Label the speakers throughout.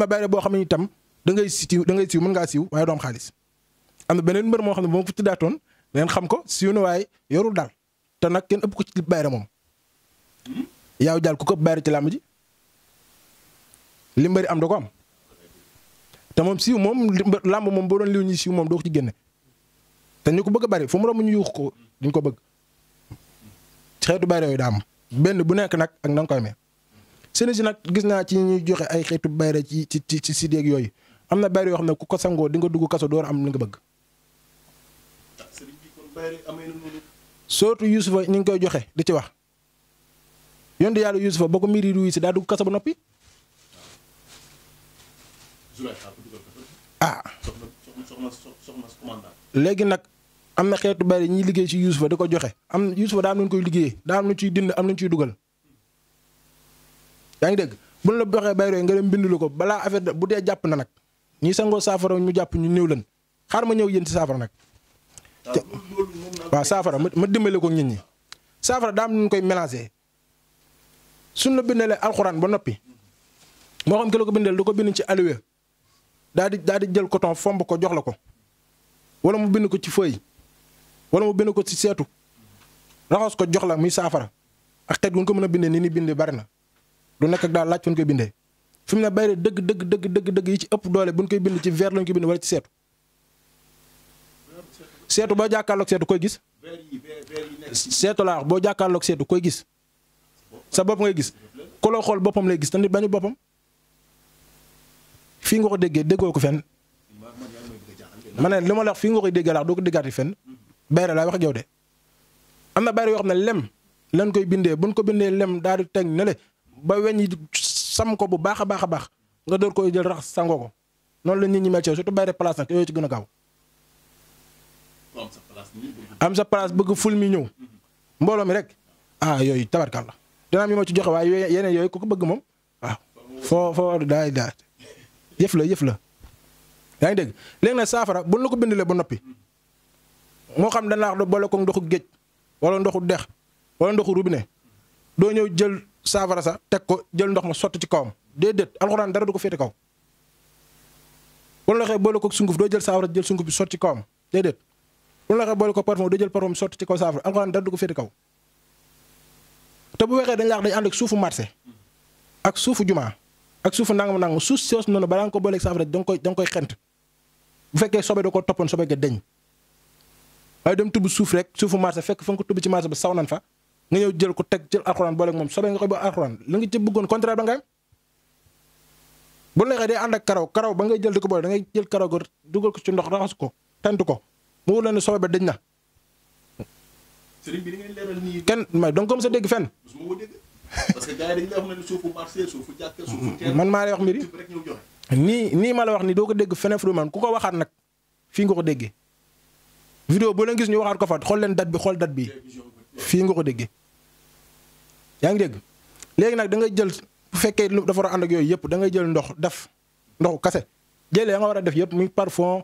Speaker 1: na bayre boo xam ne itam dangay ngay siiw da ngay siiw mën ngaa siiw waaye doom xaalis am na beneen mbër moo xam ne boo ko ci daatoon ngeen xam ko siiw na waaye yorul daal te nag kenn ëpp ko ci bayre moom yaaw jaal ku ko bayre ci làmb ji li mbëri am da ko am te moom siiw moom làmb moom boo doon liw ñuy siiw moom doo ko ci génne te ñu ko bëgg a bari fu mu romb ñu yuux ko duñ ko bëgg ci xeetu bayre yooyu daa am benn bu nekk nag ak na koy amee si nag gis naa ci ñuy joxe ay xeetu bayre ci ci ci ci sidéeg yooyu am na bayre yoo xam ne ku ko sangoo di dugg kaso door am li nga bëgg. surtout ñu ngi koy joxe di ci wax yoon yàlla Yuusufa boo ko miir yi si daa dugg ba noppi. ah. léegi nag am na xeetu bayre ñuy liggéey ci Yuusufa di ko joxe am Yuusufa daa am lu ñu koy liggéeyee daa am lu ciy dind am lu ñu ciy dugal. yaa ngi dégg buñ la boxee bay roy nga dem bind lu ko balaa affaire bu dee jàpp na nag ñi sangoo saafara ñu jàpp ñu néew leen xaar ma ñëw yéen ci saafara nag. waaw saafara ma dimbale ko nit ñi saafara daa am nu koy mélanger su la bindalee alxuraan ba noppi moo xam ki la ko bindal du ko bind ci alluwa daal di daal di jël coton fomb ko jox la ko wala mu bind ko ci feuille wala mu bind ko ci seetu raxas ko jox la muy saafara ak xeet gu ko mën a bindee ni ni bindee bari na. du nekk ak daal laaj fu ñu koy bindee fi mu ne bayre dëgg dëgg dëgg dëgg dëgg yi ci ëpp doole bu ñu koy bind ci verre lañ koy bind a ci seetu seetu boo jàkkaarloog seetu koy gis seetu laa wax boo jàkkaarloog koy gis sa bopp ngay gis ku xool boppam lay gis te nit bañu boppam fii nga ko déggee déggoo ko fen ma li ma la fii nga koy déggee laax doo ko déggaati fen bayre laay wax ak de am na bayre yoo xam ne lem lañ koy bindee buñ ko bindee lem daal di teg ne ba weñ yi sam ko bu baax a baax a baax nga door koy jël rax sangoo ko noonu la nit ñi mel ci surtout bayre place nag yooyu ci gën a gaaw. am sa place bëgg ful mi ñëw. mbooloo mi rek ah yooyu tabarkaal la dina am yu ma ci joxe waaye yeneen yooyu ku ko bëgg moom waaw. foo foo daay daay yëf la yëf la. yaa ngi dëgg léegi nag saafara bu la ko bindalee ba noppi moo xam danaa wax boole ko ndoxu géej wala ndoxu dex wala ndoxu robinet doo ñëw jël. saafara sa teg ko jël ndox ma sotti ci kawam déedéet alxuraan dara du ko féete kaw. bu la waxee boole ko sunguf doo jël saafara jël sunguf bi sotti ci kawam déedéet bu la waxee boole ko parfum doo jël parfum sotti ci kaw saafara alxuraan dara du ko féete kaw. te bu waxee dañ laax day ànd ak suufu marché ak suufu jumaa ak suufu nangam-nangam suuf si noonu balaa nga ko booleeg saafara da nga koy da nga koy xent bu fekkee sobe da ko toppoon sobe ga deñ dem tubb suuf rek suufu marché fekk fa nga ko tubb ci marché ba saw nan fa nga ñëw jël ko teg jël alxuraan boole moom soobee nga koy ba alxuraan la nga ci bëggoon contraire ba nga am bu neexee karaw karaw ba ngay jël di ko boole da jël karaw ga dugal ko ci ndox raxas ko tent ko mu wóor la ne ba dëñ na.
Speaker 2: sëriñ bi ni
Speaker 1: kenn may donc comme sa dégg fenn.
Speaker 2: man maa lay wax mbir yi
Speaker 1: nii nii ma la wax nii doo ko dégg feneen fu man ku ko waxaat nag fii nga ko déggee. vidéo boo leen gis ñu waxaat ko fa xool leen date bi xool date bi fii nga ko déggee. yaa ngi dégg léegi nag da ngay jël bu fekkee lu dafa war a ànd ak yooyu yëpp da ngay jël ndox def ndoxu kase jëlee nga war a def yëpp muy parfum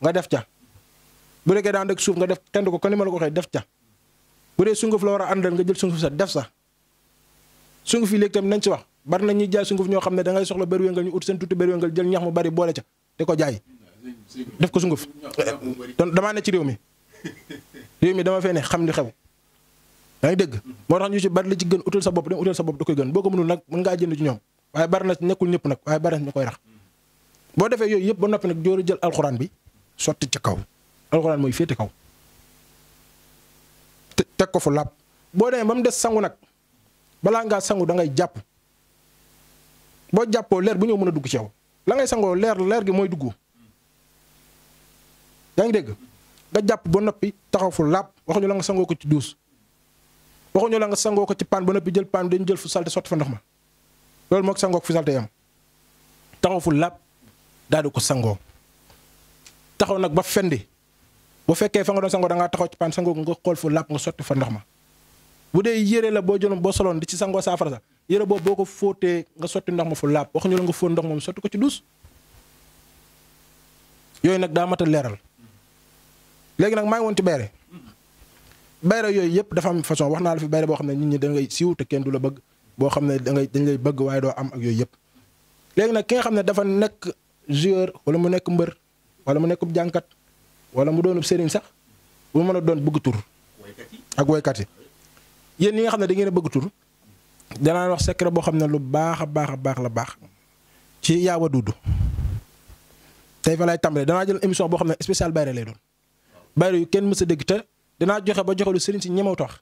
Speaker 1: nga def ca bu dee daan rek suuf nga def tend ko kon ni ma la ko waxee def ca bu dee sunguf la war a àndal nga jël sunguf sa def sa sunguf yi léegi tamit nañ si wax bari na ñuy jaay sunguf ñoo xam ne da ngay soxla bëri wéngal ñu ut seen tuuti bëri wéngal jël ñax mu bari boole ca di ko jaay def ko sunguf. damaa ne ci réew mi réew mi dama fee ne xam li xew yaa ngi dégg moo tax ñu ci bari la ci gën utal sa bopp dem utal sa bopp da boo ko mënul nag mën ngaa jënd ci ñoom waaye bari na nekkul ñëpp nag waaye bari na ñu koy boo defee yooyu yëpp ba noppi nag jóoru jël bi sotti ci kaw alxuraan mooy féete kaw teg ko fu làpp boo demee ba des sangu nag balaa ngaa sangu da ngay jàpp boo jàppoo leer bu ñëw mën a dugg ci yow la ngay sangoo leer leer gi mooy dugg yaa ngi dégg nga jàpp ba noppi taxaw fu làpp waxuñu la nga sangoo ko ci duus waxuñu la nga sangoo ko ci paan ba noppi jël paan dañu jël fu salte sotti fa ndox ma loolu moog sangoo ko fu salte yam taxaw fu laab daal di ko sangoo taxaw nag ba fendi bu fekkee fa nga doon sangoo da ngaa taxaw ci paan sangoo nga xool fu laab nga sotti fa ndox ma bu dee yére la boo jëloon boo soloon di ci sangoo saafara sa yére boobu boo ko fóotee nga sotti ndox ma fu laab waxuñu la nga fóot ndox moom sotti ko ci duus yooyu nag daa mat a leeral léegi nag maa ngi woon ci bayra yooyu yëpp dafa am façon wax naa la fi bayra boo xam ne nit ñi da ngay siiw te kenn du la bëgg boo xam ne dangay dañ lay bëgg waaye doo am ak yooyu yëpp léegi nag ki nga xam ne dafa nekk joueur wala mu nekk mbër wala mu nekk jànkat wala mu doonub sëriñ sax bu mën a doon bëgg tur ak woykat yi yéen ñi nga xam ne da ngeen a bëgg danaa wax secret boo xam ne lu baax a baax a baax la baax ci yaawa dudd tey fa lay tàmbalee danaa jël émission boo xam ne spécial bayra lay doon bayra yu kenn mës dégg te dinaa joxe ba joxe lu sëriñ si ñemewut wax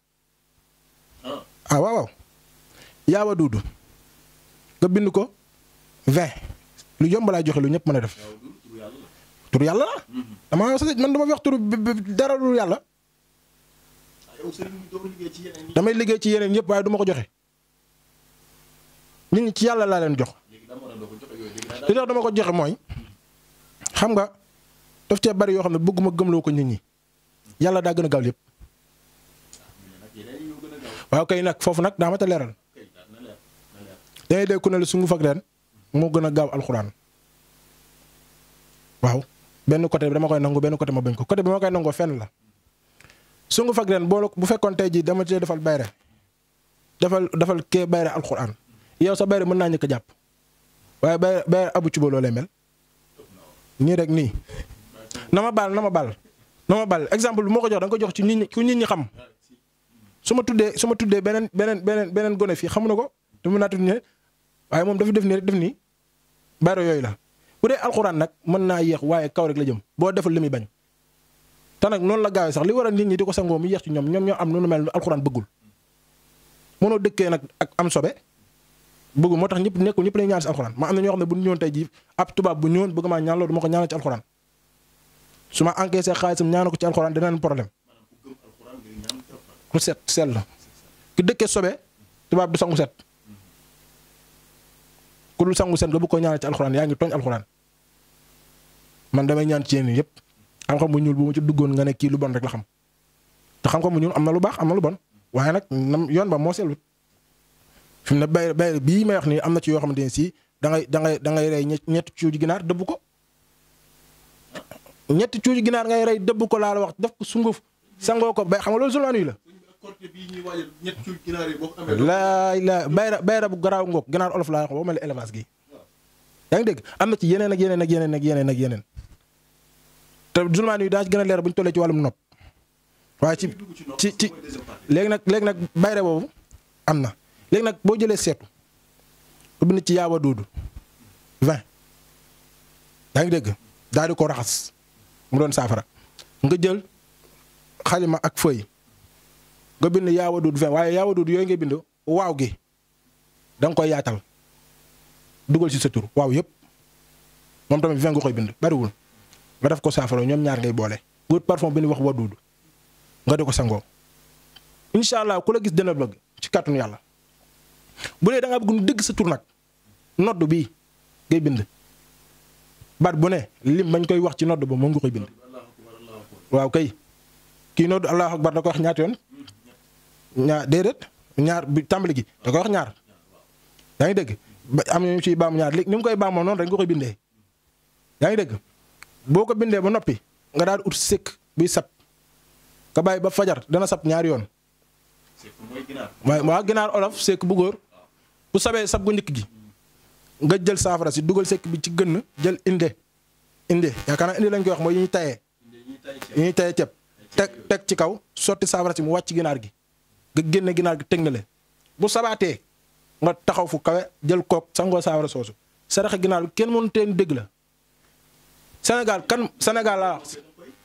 Speaker 1: ah. ah waaw waaw yaawa duudu nga bind ko 20 lu yomb laay joxe lu ñëpp mën a def tur yàlla la mhm. sa man dama wax tur yàlla ah, damay liggéey ci yeneen yëpp waaye duma ko joxe nit ñi ci yàlla laa leen jox
Speaker 2: li
Speaker 1: tax dama ko joxe mooy mm-hmm. xam nga daf cee bari yoo xam ne bëgguma gëmloo ko nit ñi yàlla daa gën a gaaw lépp waaw kay nag foofu nag daa ma a leeral da ngay dégg ku ne reen moo gën a gaaw alxuraan waaw benn côté bi dama koy nangu benn côté ma bañ ko côté bi ma koy nangoo fenn la sungu ak reen boo bu fekkoon tey jii dama cee defal bayre defal defal kee bayre alxuraan yow sa bayre mën naa ñëkk jàpp waaye bayre bayre abu ci ba loolee nii rek nii na ma baal na ma baal. Ama Baldé exemple bu ma ko jox da nga ko jox ci nit ñi ku nit ñi xam su ma tuddee su ma tuddee beneen beneen beneen beneen gone fii xamu na ko dama naa tudd waaye moom dafa def nii rek def nii bayro yooyu la bu dee alxuraan nag mën naa yéex waaye kaw rek la jëm boo deful li muy bañ te nag noonu la gaawee sax li waral nit ñi di ko sangoo mu yéex ci ñoom ñoom ñoo am nu mel ne alxuraan bëggul mënoo dëkkee nag ak am sobe bëggul moo tax ñëpp nekkul ñëpp ma am na ñoo xam ne su ma encaissé xaalisam ñaanu ko ci alxuraan dina am problème lu set sell ku dëkkee sobe tubaab du sangu set ku lu sangu set nga bëgg ko ñaanal ci alxuraan yaa ngi tooñ alxuraan man damay ñaan ci yéen yëpp am xam mu ñuul bu ci duggoon nga ne kii lu bon rek xam te mu ñuul am na lu baax am na lu bon waaye nag yoon ba moo sellut fi mu ne bay bay bii may wax nii am na ci yoo xamante ne si da ngay da ngay da ngay rey ñett ci ginaar dëbb ko. ñetti cuuj ginaar ngay rey dëbb ko laa wax def ko sunguf sangoo ko bay xam nga loolu zulmaan yi la. laay laay bayra bayra bu garaaw ngoog ginaar olof laa wax boo mel ni gi. yaa ngi dégg am na ci yeneen ak ak yeneen ak yeneen ak yeneen te zulmaan yi daa ci gën a leer bu ñu tollee ci wàllum nopp waaye nag léegi nag bayra boobu na léegi nag boo jëlee seetu na ci yaawa duudu ngi dégg daal di ko raxas. mu doon saafara nga jël xalima ak feuille nga bind yaawaduud vingt waaye yaawaduud yooyu nga bind waaw gi danga koy yaatal dugal ci sa tur waaw yëpp moom tamit vingt nga koy bind bariwul nga def ko saafara ñoom ñaar ngay boole. góor parfum bi ñu wax waduud nga def ko sangoo incha allah ku la gis dina bëgg ci kàttanu yàlla bu dee da bëgg ñu dëgg sa tur nag nodd bii ngay bind. baat bu ne lim bañ koy wax ci nodd ba moom nga koy bind. waaw kay kii nodd allahu akbar da koy wax ñaata yoon ñaar déedéet ñaar bi tàmbali gi da koy wax ñaar yaa ngi dégg ba am nañu ciy baamu ñaar léegi ni mu koy baamoo noonu rek nga koy bindee yaa ngi dégg boo ko bindee ba noppi nga daal ut sëkk buy sab nga ba fajar dana sab ñaari yoon. waaye waa ginaar olof sëkk bu góor bu sabee sab gu njëkk gi. nga jël saafara si dugal sekk bi ci gën jël inde inde yaakaar naa inde lañ koy wax mooy yi ñuy tayee yi ñuy tayee teg teg ci kaw sotti saafara si mu wàcc ginaar gi nga génne ginaar gi teg na leen bu sabaatee nga taxaw fu kawe jël kook sangoo saafara soosu saraxe ginaar bi kenn mënu teen dégg la Sénégal kan Sénégal laa wax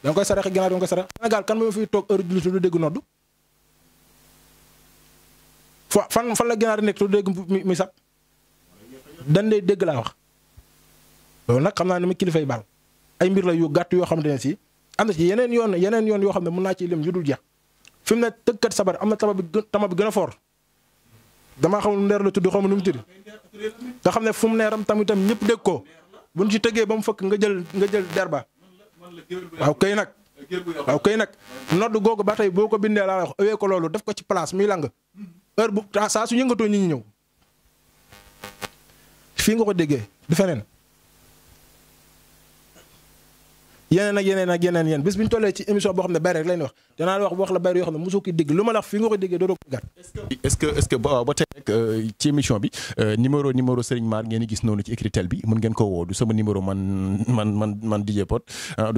Speaker 1: da nga koy saraxe ginaar da nga koy saraxe Sénégal kan moo fi toog heure julli du dégg noddu fa fan fan la ginaar nekk du dégg mi sab dañ lay dégg laa wax loolu nag xam naa ne ma kilifay baal ay mbir la yu gàtt yoo xam ne si am na ci yeneen yoon yeneen yoon yoo xam ne mën naa ci lim yu dul jeex fi mu ne tëggkat sabar am na tama bi tama bi gën a foor damaa xam ndeer la tudd xaw ma nu mu tudd nga xam ne fu mu ne ram tam itam ñëpp dégg ko buñ ci tëggee ba mu fëkk nga jël nga jël derba waaw kay nag waaw kay nag nodd googu ba tey boo ko bindee laa wax ëwee ko loolu def ko ci place muy lang heure su yëngatoo ñi ñi ñëw fii nga ko déggee du feneen. yeneen ak yeneen ak yeneen yéen bis bu ñu tollee ci émission boo xam ne bari rek lañuy wax danaa wax wax la
Speaker 2: wax bi euh, numéro numéro Serigne Mar ngeen gis noonu numéro man man man ah,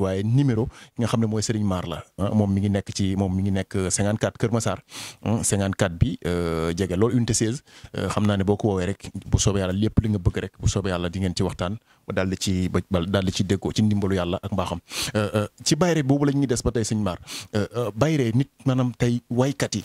Speaker 2: waaye numéro nga xam ne mooy Serigne Mar la ah, moom mi ngi nekk ci moom mi ngi nekk 54 euh, Kër Massar 54 ah, bi euh, loolu unité 16 xam naa ne boo ko woowee rek bu soobee yàlla lépp li nga bëgg rek bu soobee yàlla di ngeen ci waxtaan daal di ci ba daal di ci déggoo ci ndimbalu yàlla ak mbaaxam euh, euh, ci bayre boobu la ñuy des ba tey sëñ maar euh, bayre nit maanaam tey waykat yi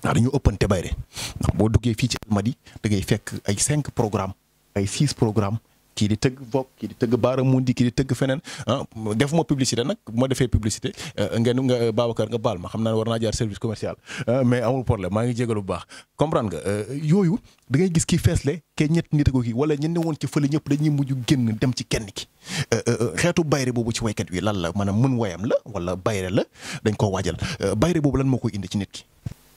Speaker 2: ndax dañu ëppante bayre ndax boo duggee fii ci almadi da fekk ay cinq programme ay six programme kii di tëgg Vogue kii di tëgg Baara Mundi kii di tëgg feneen ah, def ma publicité nag bu ma defee publicité eh, ngeen nga Babacar nga baal ma xam naa war naa jaar service commercial ah, mais amul problème maa ngi jégalu bu baax comprendre nga eh, yooyu da ngay gis kii feesle kee ñett nit ko kii wala ñen ne woon ci fële ñëpp dañuy mujj génn dem ci kenn ki eh, xeetu bayre boobu ci waykat wi lan la maanaam mën wayam
Speaker 1: la wala bayre la dañ koo waajal bayre boobu lan moo koy indi ci nit ki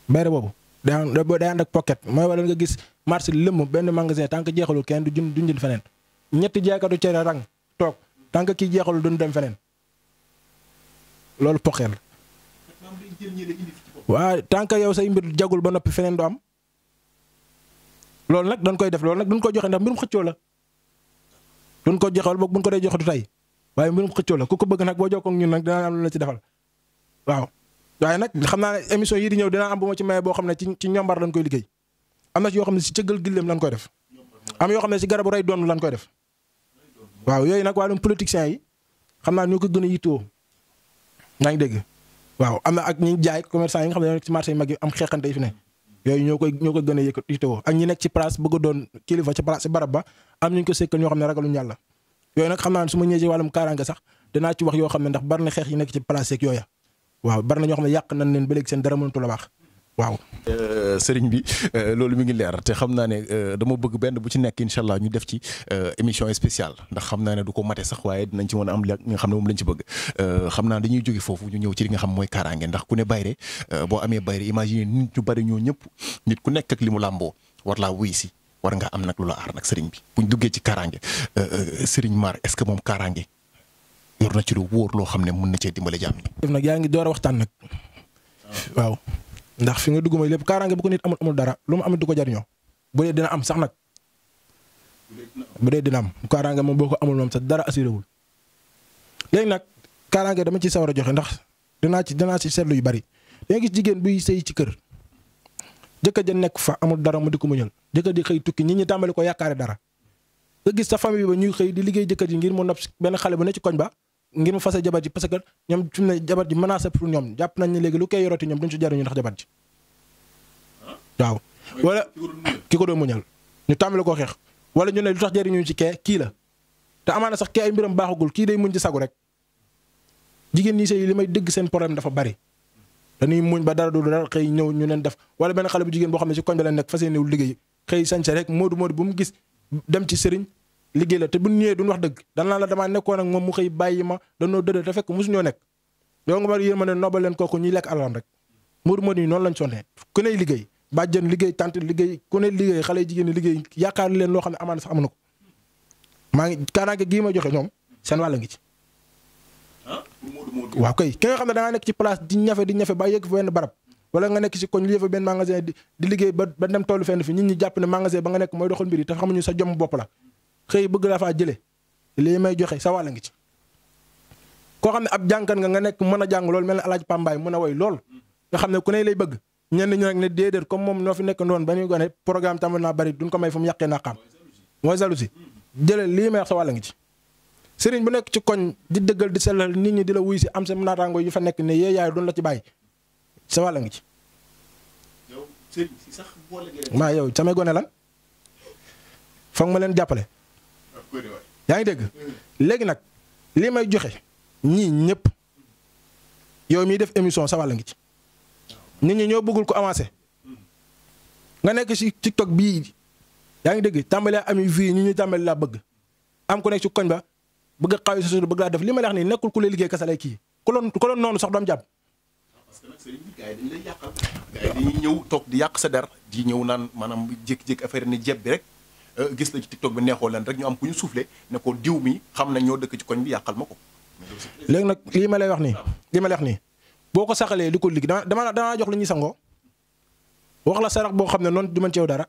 Speaker 1: bayre boobu day ànd ak pocket mooy wala gis marché lëmm magasin tant que jeexalul kenn du jënd du jënd feneen ñetti jaaykatu cere rang toog tant que kii jeexalul duñ dem feneen loolu poxeel waaw tant que yow say mbir jagul ba noppi feneen du am loolu nag dañ koy def loolu nag duñ ko joxe ndax mbirum xëccoo la duñ ko joxewal ko dee joxe du tey waaye mbirum xëccoo la ku ko bëgg nag boo jokkoo ak ñun nag dinaa am lu la ci defal waaw. waaye nag xam naa ne émission yii di ñëw dinaa am bu ma ci maye boo xam ne ci ci ñombar lañ koy liggéey am na ci yoo xam ne si cëggal gilleem lañ koy def am yoo xam ne si garabu rey doon lañ koy def. waaw yooyu nag wàllum politiciens yi xam naa ñoo ko gën a yittoo yaa ngi dégg waaw am na ak ñi jaay commerçant yi nga xam ne ñoo nekk ci marché yooyu ñoo ko gën a yëkkat yittoo ak ñi nekk ci place bëgg a doon kilifa ci place ci barab ba am ñu ko sekkal ñoo xam ne ragaluñu yàlla yooyu nag xam naa su ma ñëwee ci wàllum kaaraange sax danaa ci wax yoo xam ne ndax bari na xeex yi nekk ci place yeeg yooya waaw bari na ñoo xam ne yàq nañ leen ba léegi seen dara mënatu la baax waaw.
Speaker 2: Euh, sëriñ bi euh, loolu mu ngi leer te xam naa ne euh, dama bëgg benn bu ci nekk incha allah ñu def ci émission spéciale ndax xam naa ne du ko mate sax waaye dinañ ci mën am li nga xam ne moom lañ ci bëgg xam naa dañuy jóge foofu ñu ñëw ci li nga xam mooy kaaraange ndax ku ne bayre boo amee bayre imagine nit ñu bari ñoo ñëpp nit ku nekk ak li mu làmboo war laa wuy si war nga am nag lu aar nag sëriñ bi buñ duggee ci kaaraange sëriñ maar est-ce que moom kaaraange yor na ci lu wóor loo xam ne mun na cee dimbale jàmm.
Speaker 1: def nag yaa ngi door a waxtaan nag ah. ndax fi nga dugg mooy lépp kaaraange bu ko nit amul amul dara lu mu am du ko jariñoo bu dee dina am sax nag bu dee dina am kaaraange moom boo ko amul moom sax dara assuré wul léegi nag kaaraange dama ci sawar a joxe ndax danaa ci danaa ci seetlu yu bari da gis jigéen buy sëy ci kër jëkkër ja nekk fa amul dara mu di ko muñal jëkkër di xëy tukki nit ñi tàmbali ko yaakaare dara nga gis sa famille ba ñuy xëy di liggéey jëkkër ji ngir mu nopp benn xale bu ne ci koñ ba ngir mu fase jabar ji parce que ñoom fi mu ne jabar ji menacé pour ñoom jàpp nañ ne léegi lu koy yoroti ñoom duñ ci jariñu ndax jabar ji waaw. wala ki ko doon muñal ñu tàmbali ko xeex wala ñu ne lu tax jariñu ci kee kii la te amaana sax kee ay mbiram baaxagul kii day muñ ci sagu rek jigéen ñi sëy li may dëgg seen problème dafa bari. dañuy muñ ba dara du dara xëy ñëw ñu leen def wala benn xale bu jigéen boo xam ne ci koñ ba leen nekk fas yéenewul liggéey xëy sañse rek moodu moodu bu mu gis dem ci sëriñ liggéey la te bu ñëwee duñ wax dëgg dan naan la damaa nekkoon ak moom mu xëy bàyyi ma danoo dëdë te fekk mosuñoo nekk yow nga ma ne nobal leen kooku ñuy lekk alalam rek muur mën yi noonu lañ sonnee ku ney liggéey bàjjen liggéey tant liggéey ku ne liggéey xale jigéen ñi liggéey yaakaar leen loo xam ne ko maa ngi kaaraange gii ma joxe ñoom seen ngi ci waaw kay ki nga xam ne da nga nekk ci place di ñafe di ñafe ba yëg fa benn barab wala nga nekk koñ li yëfa benn magasin di liggéey ba ba tollu fenn fi nit ñi jàpp ne magasin ba nga nekk mooy doxal mbir yi te xamuñu sa jom bopp la xëy bëgg la faa jëlee lii may joxe sa wàll ngi ci. koo xam ne ab jànkan nga nga nekk mën a jàng lool mel ne El Hadj Pambaay mën a woy lool nga xam ne ku ne lay bëgg ñenn ñu rek ne déedéet comme moom noo fi nekk noonu ba ñuy gone programme tamit naa bari duñ ko may fu mu yàqee naqaam mooy jalousie sa wàll ngi ci. sëriñ bu nekk ci koñ di dëggal di sellal nit ñi di la wuy si am sa naataango yu fa nekk ne yee yaay doon la ci bàyyi sa wàll ngi ci. yow sëriñ yow samay gone lan foog ma leen jàppale. yaa ngi dégg léegi nag li may joxe ñii ñëpp yow mii def émission sa wàll ngi ci nit ñi ñoo bëggul ko avancé nga nekk ci toog bii yaa ngi dégg tàmbalee ami vie ñu ñu tàmbali laa bëgg am ko nekk ci koñ ba bëgg a xaw si bëgg laa def li ma wax nii nekkul ku lay liggéey kasa lay kii ku loon ku loon noonu sax doom jàpp. parce
Speaker 2: que nag ñëw toog di yàq sa der di ñëw naan maanaam jékki-jékki affaire ni jeb bi rek. Euh, gis la ci TikTok bi neexoo leen rek ñu am ku ñu soufflé ne ko diw mi xam nañ ñoo dëkk ci koñ bi yàqal ma ko.
Speaker 1: léegi nag lii ma lay wax nii lii ma lay wax boo ko saxalee di ko ligg dama dama dama jox la ñuy sangoo wax la sarax boo xam ne noonu du mën ceew dara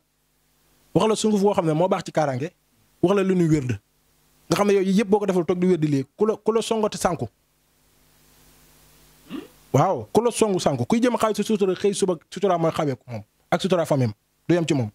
Speaker 1: wax la sunguf boo xam ne moo baax ci kaaraange wax la lu ñuy wérd nga xam ne yooyu yëpp boo ko defal toog di wérdi lii ku la ku la sànku waaw ku la songu sànku kuy jëm xaalis si sutura xëy suba sutura mooy xawee moom ak sutura famem du yem ci moom